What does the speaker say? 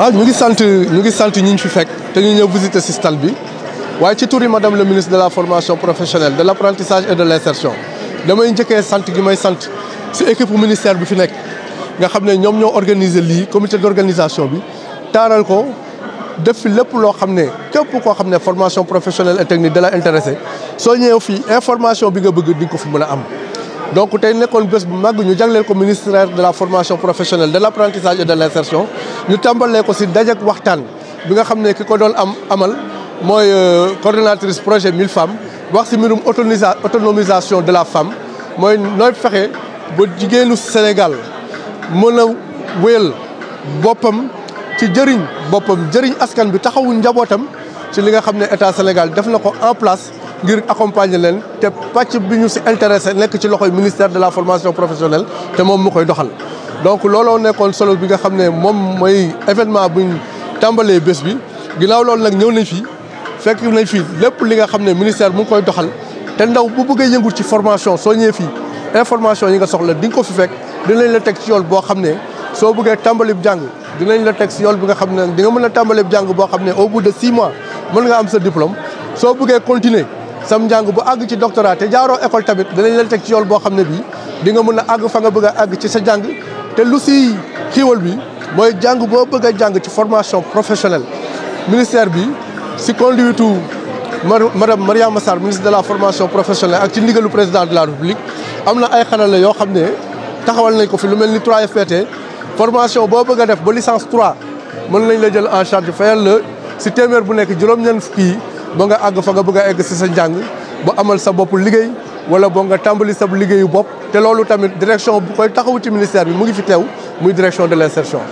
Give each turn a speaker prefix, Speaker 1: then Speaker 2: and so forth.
Speaker 1: waaw ñu ngi sant ñu ngi sant ñu ngi fi fekk te ñu ñëw visiter si stade bi waaye ci turi madame le ministre de la formation professionnelle de l' apprentissage et de l' insertion damay njëkkee sant gi may sant si équipe ministère bi fi nekk nga xam ne ñoom ñoo organiser lii comité d' bi taaral ko def fi lépp loo xam ne képp koo xam ne formation professionnelle et technique da la intéressé soo ñëwee fii information bi nga bëgg di ko fi mën a am donc tey nekkoon bés bu mag ñu jagleel ko ministère de la formation professionnelle de l' apprentissage de l' insertion ñu tàmbalee ko si dajek waxtaan bi nga xam ne ki ko doon am amal mooy euh, coordonnatrice projet 1000 femmes wax si mbirum autonomisation de la femme mooy nooy fexe ba jigéenu Sénégal mën a wéyal boppam ci jëriñ boppam jëriñ askan bi taxawu njabootam ci li nga xam ne état Sénégal def na ko en place ngir accompagner leen te pacc bi ñu si intéressé nekk ci loxo ministère de la formation professionnelle te moom mu koy doxal. donc looloo nekkoon solo bi nga xam ne moom mooy événement buñ tàmbalee bés bi ginnaaw loolu nag ñëw nañ fi fekk nañ fi lépp li nga xam ne ministère mu koy doxal te ndaw bu bëggee yëngu ci formation soo ñëwee fii information yi nga soxla di nga ko fi fekk dinañ la teg ci yool boo xam ne soo bëggee tàmbali jàng dinañ la teg si yoon bi nga xam ne di nga mën a tàmbali jàng boo xam ne au de six mois mën nga am sa diplôme soo bëggee continuer. sam njàng bu àgg ci doctorat te jaaroo école tamit dinañ leen teg boo xam ne bii di nga a àgg fa bëgg àgg ci sa jàng te lu si xiiwal bi mooy jàng boo bëgg jàng ci formation professionnelle ministère bi si conduite madame Mariama Sarr ministre de la formation professionnelle ak ci ndigalu président de la république am na ay yoo xam ne taxawal nañ ko fi lu mel ni 3FPT formation boo bëgg def ba licence 3 mën nañ la jël en charge fayal la si téeméer bu nekk juróom-ñeent fukki ba nga àgg fa nga bëgg a egg si sa njàng ba amal sa bopp liggéey wala boo nga tàmbali sa liggéeyu bopp te loolu tamit direction bu koy taxawu ci ministère bi mu ngi fi teew muy direction de l'insertion